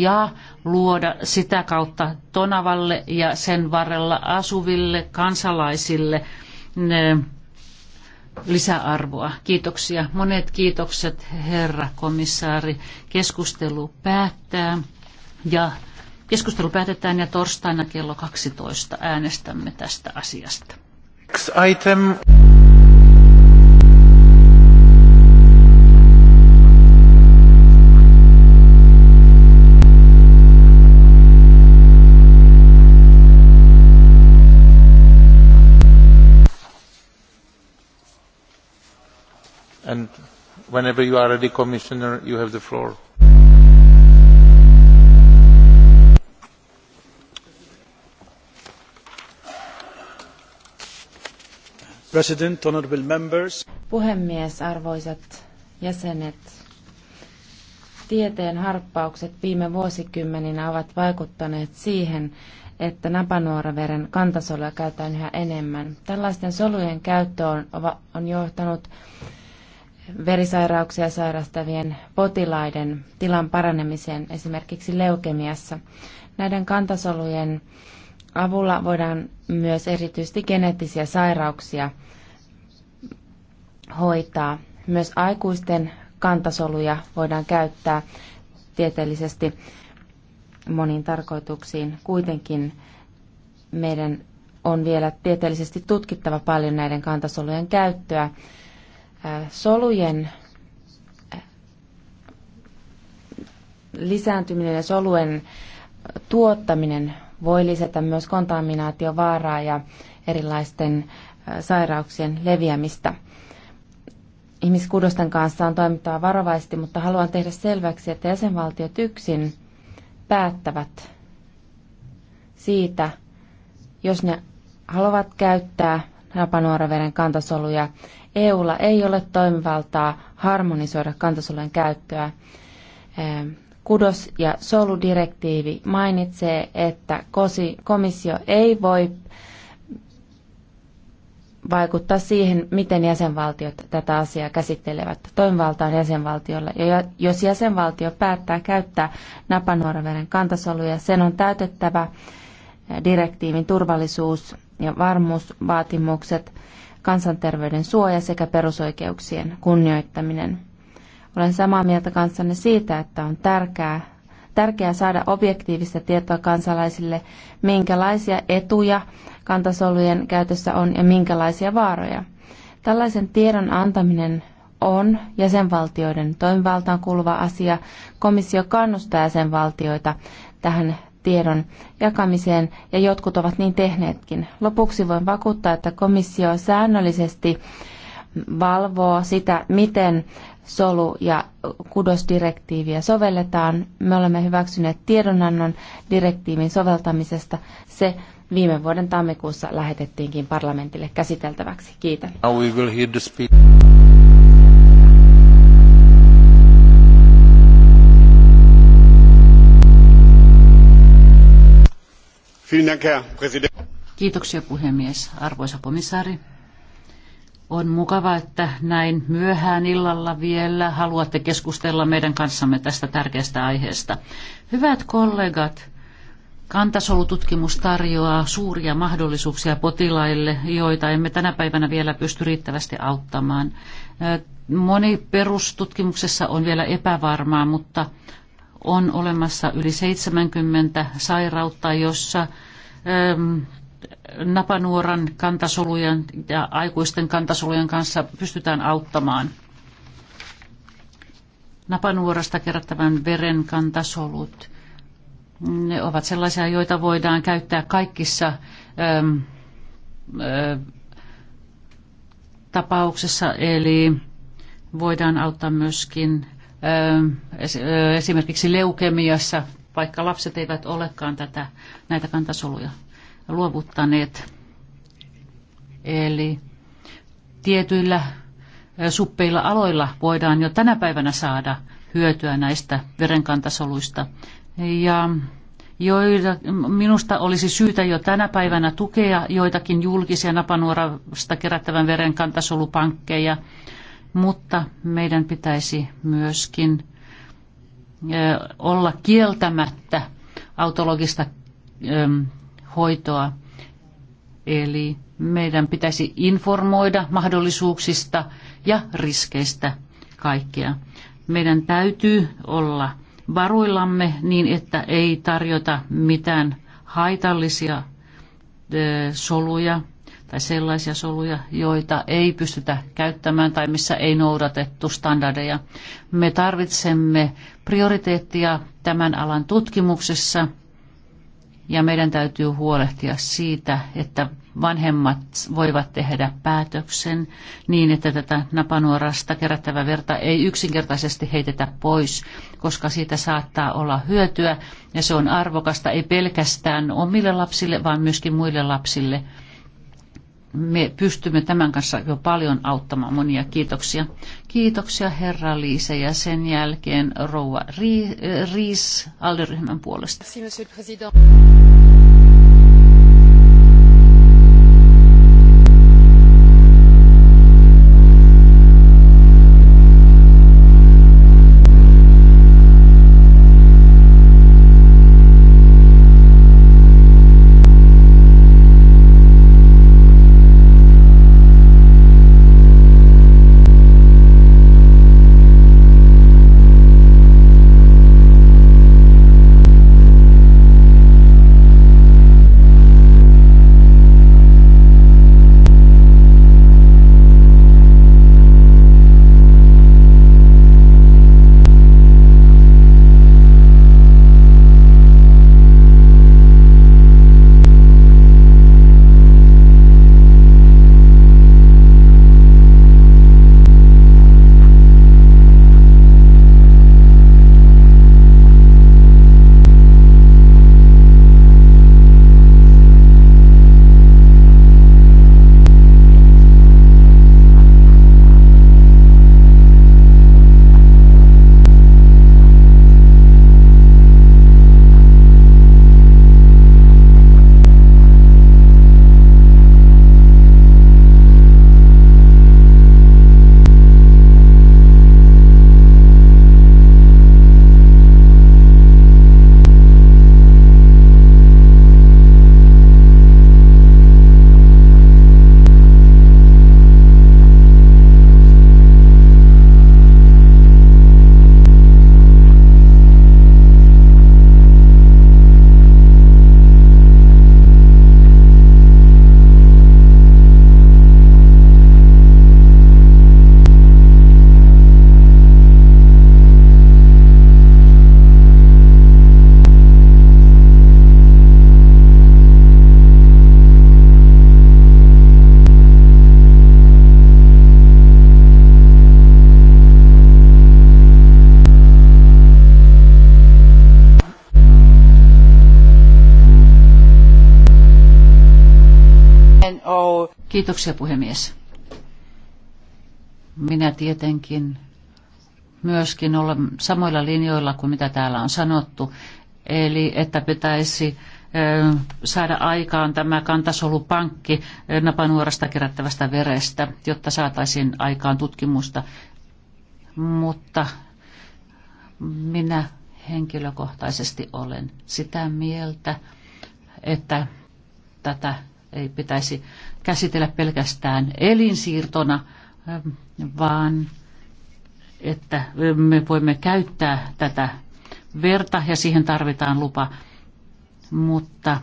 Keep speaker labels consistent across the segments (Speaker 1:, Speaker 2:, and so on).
Speaker 1: ja luoda sitä kautta Tonavalle ja sen varrella asuville kansalaisille lisäarvoa. Kiitoksia. Monet kiitokset, herra komissaari. Keskustelu päättää ja keskustelu päätetään ja torstaina kello 12 äänestämme tästä asiasta. Item. and whenever you are ready commissioner you have the floor. President, members.
Speaker 2: Puhemies, arvoisat jäsenet. Tieteen harppaukset viime vuosikymmeninä ovat vaikuttaneet siihen, että napanuoraveren kantasoluja käytetään yhä enemmän. Tällaisten solujen käyttö on, on johtanut verisairauksia sairastavien potilaiden tilan paranemiseen esimerkiksi leukemiassa. Näiden kantasolujen avulla voidaan myös erityisesti geneettisiä sairauksia hoitaa. Myös aikuisten kantasoluja voidaan käyttää tieteellisesti moniin tarkoituksiin. Kuitenkin meidän on vielä tieteellisesti tutkittava paljon näiden kantasolujen käyttöä solujen lisääntyminen ja solujen tuottaminen voi lisätä myös kontaminaatiovaaraa ja erilaisten sairauksien leviämistä. Ihmiskudosten kanssa on toimittava varovaisesti, mutta haluan tehdä selväksi, että jäsenvaltiot yksin päättävät siitä, jos ne haluavat käyttää napanuoraveren kantasoluja EUlla ei ole toimivaltaa harmonisoida kantasolujen käyttöä. Ehm, Kudos- ja soludirektiivi mainitsee, että komissio ei voi vaikuttaa siihen, miten jäsenvaltiot tätä asiaa käsittelevät. Toimivalta on jäsenvaltiolla. Ja jos jäsenvaltio päättää käyttää napanuoraveren kantasoluja, sen on täytettävä eh, direktiivin turvallisuus- ja varmuusvaatimukset kansanterveyden suoja sekä perusoikeuksien kunnioittaminen. Olen samaa mieltä kanssanne siitä, että on tärkeää, tärkeää saada objektiivista tietoa kansalaisille, minkälaisia etuja kantasolujen käytössä on ja minkälaisia vaaroja. Tällaisen tiedon antaminen on jäsenvaltioiden toimivaltaan kuuluva asia. Komissio kannustaa jäsenvaltioita tähän tiedon jakamiseen, ja jotkut ovat niin tehneetkin. Lopuksi voin vakuuttaa, että komissio säännöllisesti valvoo sitä, miten solu- ja kudosdirektiiviä sovelletaan. Me olemme hyväksyneet tiedonannon direktiivin soveltamisesta. Se viime vuoden tammikuussa lähetettiinkin parlamentille käsiteltäväksi. Kiitän.
Speaker 1: Kiitoksia puhemies. Arvoisa komissaari, on mukava, että näin myöhään illalla vielä haluatte keskustella meidän kanssamme tästä tärkeästä aiheesta. Hyvät kollegat, Kantasolututkimus tarjoaa suuria mahdollisuuksia potilaille, joita emme tänä päivänä vielä pysty riittävästi auttamaan. Moni perustutkimuksessa on vielä epävarmaa, mutta on olemassa yli 70 sairautta, jossa ähm, napanuoran kantasolujen ja aikuisten kantasolujen kanssa pystytään auttamaan. Napanuorasta kerättävän veren kantasolut, ne ovat sellaisia, joita voidaan käyttää kaikissa äm, ä, äh, tapauksessa, eli voidaan auttaa myöskin Öö, öö, esimerkiksi leukemiassa, vaikka lapset eivät olekaan tätä, näitä kantasoluja luovuttaneet. Eli tietyillä suppeilla aloilla voidaan jo tänä päivänä saada hyötyä näistä verenkantasoluista. Ja joita, minusta olisi syytä jo tänä päivänä tukea joitakin julkisia napanuorasta kerättävän verenkantasolupankkeja, kantasolupankkeja mutta meidän pitäisi myöskin olla kieltämättä autologista hoitoa. Eli meidän pitäisi informoida mahdollisuuksista ja riskeistä kaikkea. Meidän täytyy olla varuillamme niin, että ei tarjota mitään haitallisia soluja tai sellaisia soluja, joita ei pystytä käyttämään tai missä ei noudatettu standardeja. Me tarvitsemme prioriteettia tämän alan tutkimuksessa ja meidän täytyy huolehtia siitä, että vanhemmat voivat tehdä päätöksen niin, että tätä napanuorasta kerättävä verta ei yksinkertaisesti heitetä pois, koska siitä saattaa olla hyötyä ja se on arvokasta ei pelkästään omille lapsille, vaan myöskin muille lapsille – me pystymme tämän kanssa jo paljon auttamaan monia. Kiitoksia. Kiitoksia herra Liise ja sen jälkeen rouva Riis Alderyhmän puolesta. Merci, Kiitoksia puhemies. Minä tietenkin myöskin olla samoilla linjoilla kuin mitä täällä on sanottu. Eli että pitäisi saada aikaan tämä kantasolupankki napanuorasta kerättävästä verestä, jotta saataisiin aikaan tutkimusta. Mutta minä henkilökohtaisesti olen sitä mieltä, että tätä ei pitäisi käsitellä pelkästään elinsiirtona, vaan että me voimme käyttää tätä verta ja siihen tarvitaan lupa. Mutta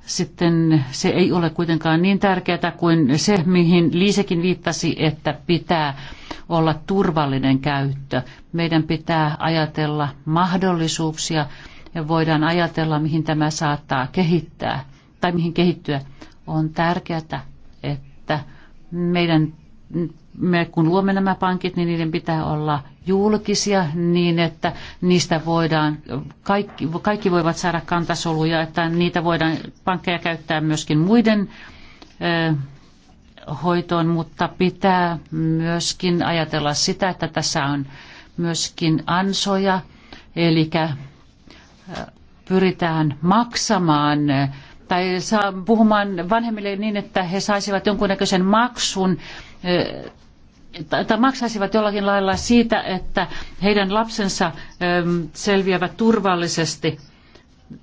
Speaker 1: sitten se ei ole kuitenkaan niin tärkeää kuin se, mihin Liisekin viittasi, että pitää olla turvallinen käyttö. Meidän pitää ajatella mahdollisuuksia ja voidaan ajatella, mihin tämä saattaa kehittää tai mihin kehittyä. On tärkeää, että meidän me kun luomme nämä pankit, niin niiden pitää olla julkisia niin, että niistä voidaan, kaikki, kaikki voivat saada kantasoluja, että niitä voidaan pankkeja käyttää myöskin muiden ö, hoitoon, mutta pitää myöskin ajatella sitä, että tässä on myöskin ansoja, eli pyritään maksamaan tai saa puhumaan vanhemmille niin, että he saisivat jonkunnäköisen maksun tai maksaisivat jollakin lailla siitä, että heidän lapsensa selviävät turvallisesti.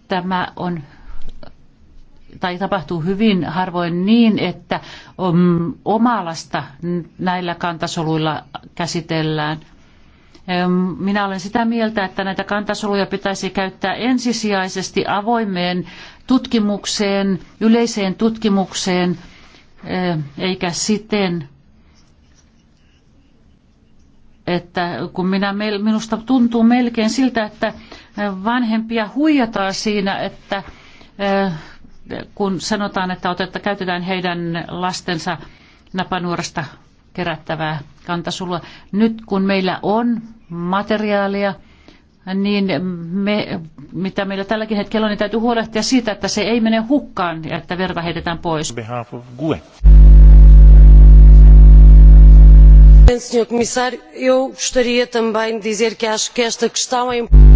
Speaker 1: Tämä on tai tapahtuu hyvin harvoin niin, että mm, omaa lasta näillä kantasoluilla käsitellään – minä olen sitä mieltä, että näitä kantasoluja pitäisi käyttää ensisijaisesti avoimeen tutkimukseen, yleiseen tutkimukseen, eikä siten, että kun minä, minusta tuntuu melkein siltä, että vanhempia huijataan siinä, että kun sanotaan, että otetta, käytetään heidän lastensa napanuorasta kerättävää kantasulla. Nyt kun meillä on materiaalia, niin me, mitä meillä tälläkin hetkellä on, niin täytyy huolehtia siitä, että se ei mene hukkaan ja että verta heitetään pois. Senhor Comissário, eu gostaria também de dizer que acho que esta questão é importante.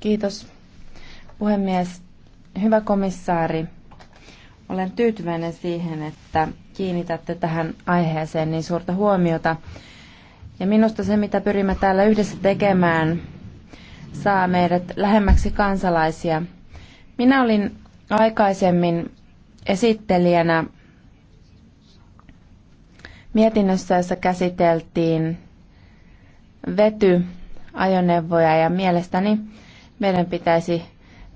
Speaker 2: Kiitos puhemies. Hyvä komissaari, olen tyytyväinen siihen, että kiinnitätte tähän aiheeseen niin suurta huomiota. Ja minusta se, mitä pyrimme täällä yhdessä tekemään, saa meidät lähemmäksi kansalaisia. Minä olin aikaisemmin esittelijänä mietinnössä, jossa käsiteltiin vetyajoneuvoja ja mielestäni meidän pitäisi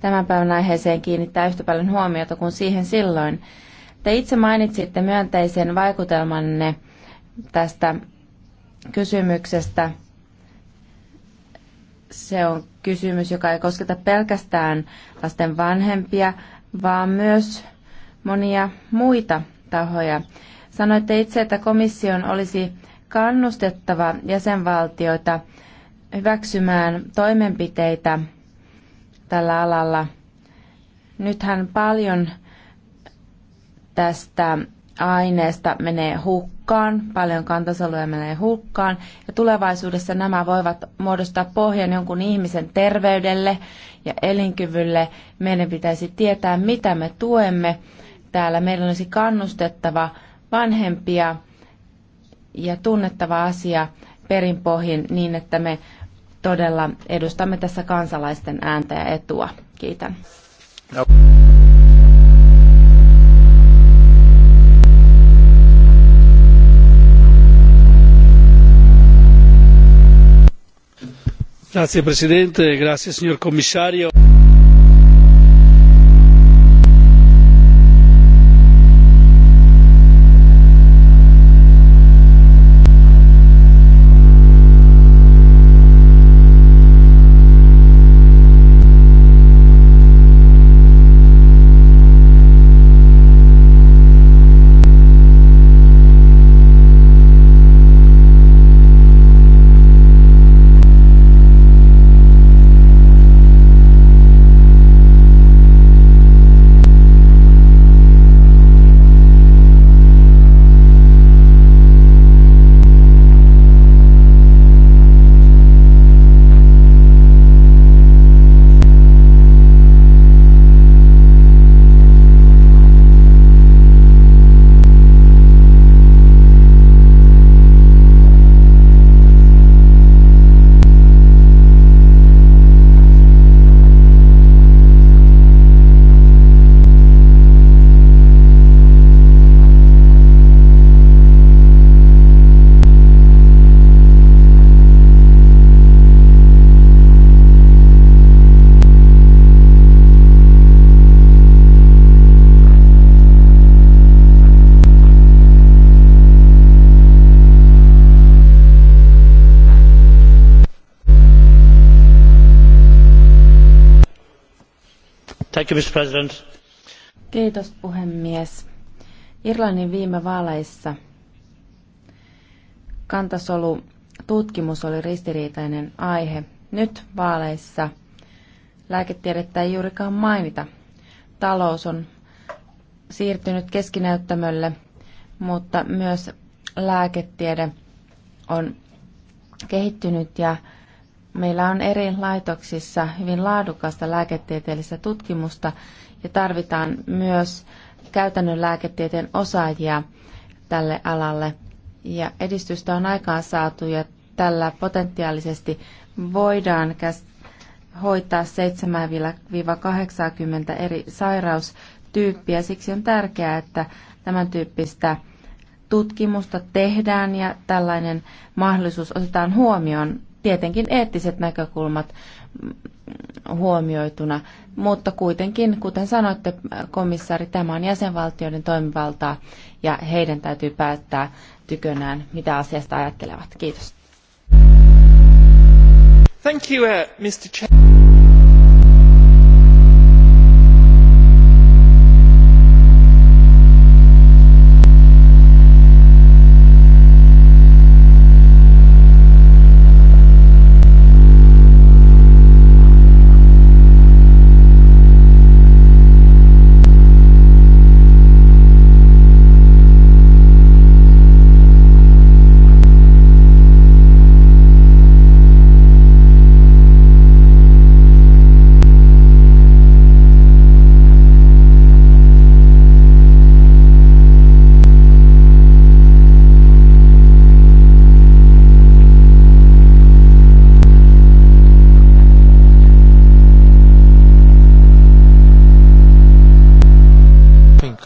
Speaker 2: tämän päivän aiheeseen kiinnittää yhtä paljon huomiota kuin siihen silloin. Te itse mainitsitte myönteisen vaikutelmanne tästä kysymyksestä. Se on kysymys, joka ei kosketa pelkästään lasten vanhempia, vaan myös monia muita tahoja. Sanoitte itse, että komission olisi kannustettava jäsenvaltioita hyväksymään toimenpiteitä tällä alalla. Nythän paljon tästä aineesta menee hukkaan, paljon kantasoluja menee hukkaan, ja tulevaisuudessa nämä voivat muodostaa pohjan jonkun ihmisen terveydelle ja elinkyvylle. Meidän pitäisi tietää, mitä me tuemme täällä. Meidän olisi kannustettava vanhempia ja tunnettava asia perinpohjin niin, että me todella edustamme tässä kansalaisten ääntä ja etua. Kiitän. No. Grazie Presidente, grazie signor Commissario. mr president Kiitos puhemies. Irlannin viime vaaleissa kantasolu tutkimus oli ristiriitainen aihe. Nyt vaaleissa lääketiedettä ei juurikaan mainita. Talous on siirtynyt keskinäyttämölle, mutta myös lääketiede on kehittynyt ja Meillä on eri laitoksissa hyvin laadukasta lääketieteellistä tutkimusta ja tarvitaan myös käytännön lääketieteen osaajia tälle alalle. Ja edistystä on aikaan saatu ja tällä potentiaalisesti voidaan hoitaa 7-80 eri sairaustyyppiä. Siksi on tärkeää, että tämän tyyppistä tutkimusta tehdään ja tällainen mahdollisuus otetaan huomioon tietenkin eettiset näkökulmat huomioituna, mutta kuitenkin, kuten sanoitte, komissaari, tämä on jäsenvaltioiden toimivaltaa ja heidän täytyy päättää tykönään, mitä asiasta ajattelevat. Kiitos. Thank you, uh, Mr. Chair.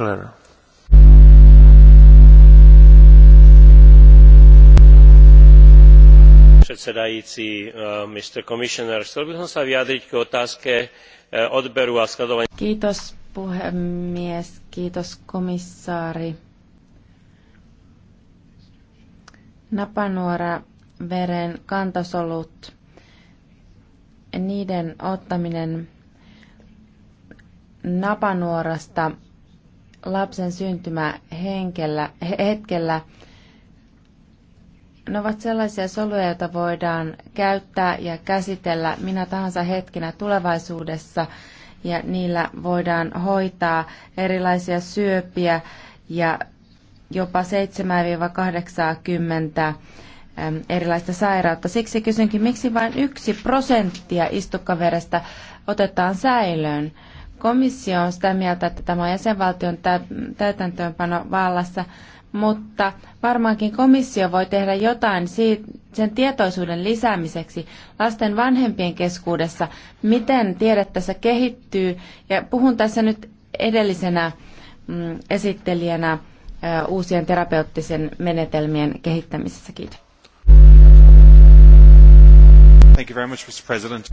Speaker 2: Scler. predsedajúci, Mr. Eh, Commissioner. Chcel by som sa vyjadriť k otázke eh, odberu a skladovania. Kiitos puhemies, kiitos komissaari. Napanuora veren kantasolut, niiden ottaminen napanuorasta lapsen syntymä henkellä, hetkellä ne ovat sellaisia soluja, joita voidaan käyttää ja käsitellä minä tahansa hetkenä tulevaisuudessa ja niillä voidaan hoitaa erilaisia syöpiä ja jopa 7-80 erilaista sairautta. Siksi kysynkin, miksi vain yksi prosenttia istukkaverestä otetaan säilöön? Komissio on sitä mieltä, että tämä on jäsenvaltion täytäntöönpano vallassa, mutta varmaankin komissio voi tehdä jotain sen tietoisuuden lisäämiseksi lasten vanhempien keskuudessa, miten tiede tässä kehittyy. Ja puhun tässä nyt edellisenä mm, esittelijänä uusien terapeuttisen menetelmien kehittämisessä. Kiitos.
Speaker 1: Thank you very much, Mr. President.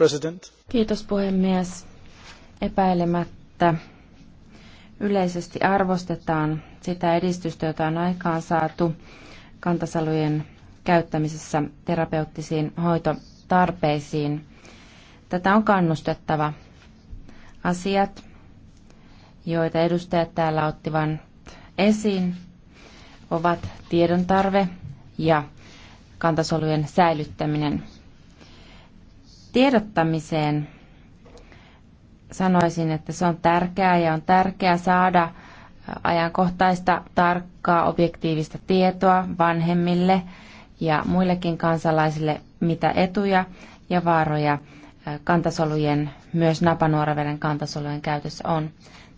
Speaker 1: President.
Speaker 2: Kiitos puhemies. Epäilemättä yleisesti arvostetaan sitä edistystä, jota on aikaan saatu kantasolujen käyttämisessä terapeuttisiin hoitotarpeisiin. Tätä on kannustettava. Asiat, joita edustajat täällä ottivat esiin, ovat tiedon tarve ja kantasolujen säilyttäminen tiedottamiseen sanoisin, että se on tärkeää ja on tärkeää saada ajankohtaista, tarkkaa, objektiivista tietoa vanhemmille ja muillekin kansalaisille, mitä etuja ja vaaroja kantasolujen, myös napanuoraveden kantasolujen käytössä on.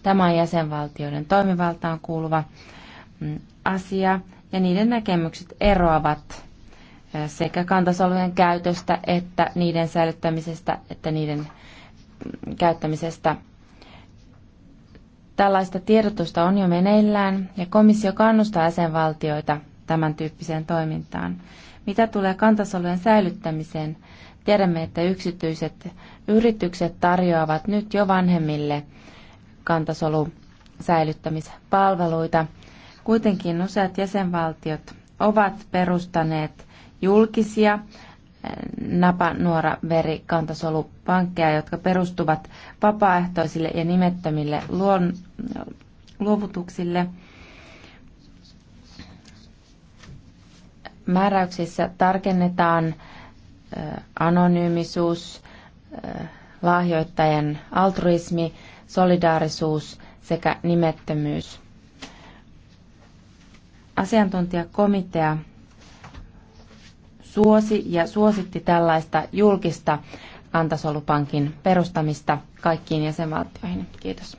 Speaker 2: Tämä on jäsenvaltioiden toimivaltaan kuuluva mm, asia ja niiden näkemykset eroavat sekä kantasolujen käytöstä että niiden säilyttämisestä että niiden mm, käyttämisestä. Tällaista tiedotusta on jo meneillään ja komissio kannustaa jäsenvaltioita tämän tyyppiseen toimintaan. Mitä tulee kantasolujen säilyttämiseen, tiedämme, että yksityiset yritykset tarjoavat nyt jo vanhemmille kantasolu säilyttämispalveluita. Kuitenkin useat jäsenvaltiot ovat perustaneet julkisia eh, napa, nuora, veri, kantasolupankkeja, jotka perustuvat vapaaehtoisille ja nimettömille luon, luovutuksille. Määräyksissä tarkennetaan eh, anonyymisuus, eh, lahjoittajien altruismi, solidaarisuus sekä nimettömyys. Asiantuntijakomitea suosi ja suositti tällaista julkista antasolupankin perustamista kaikkiin jäsenvaltioihin. Kiitos.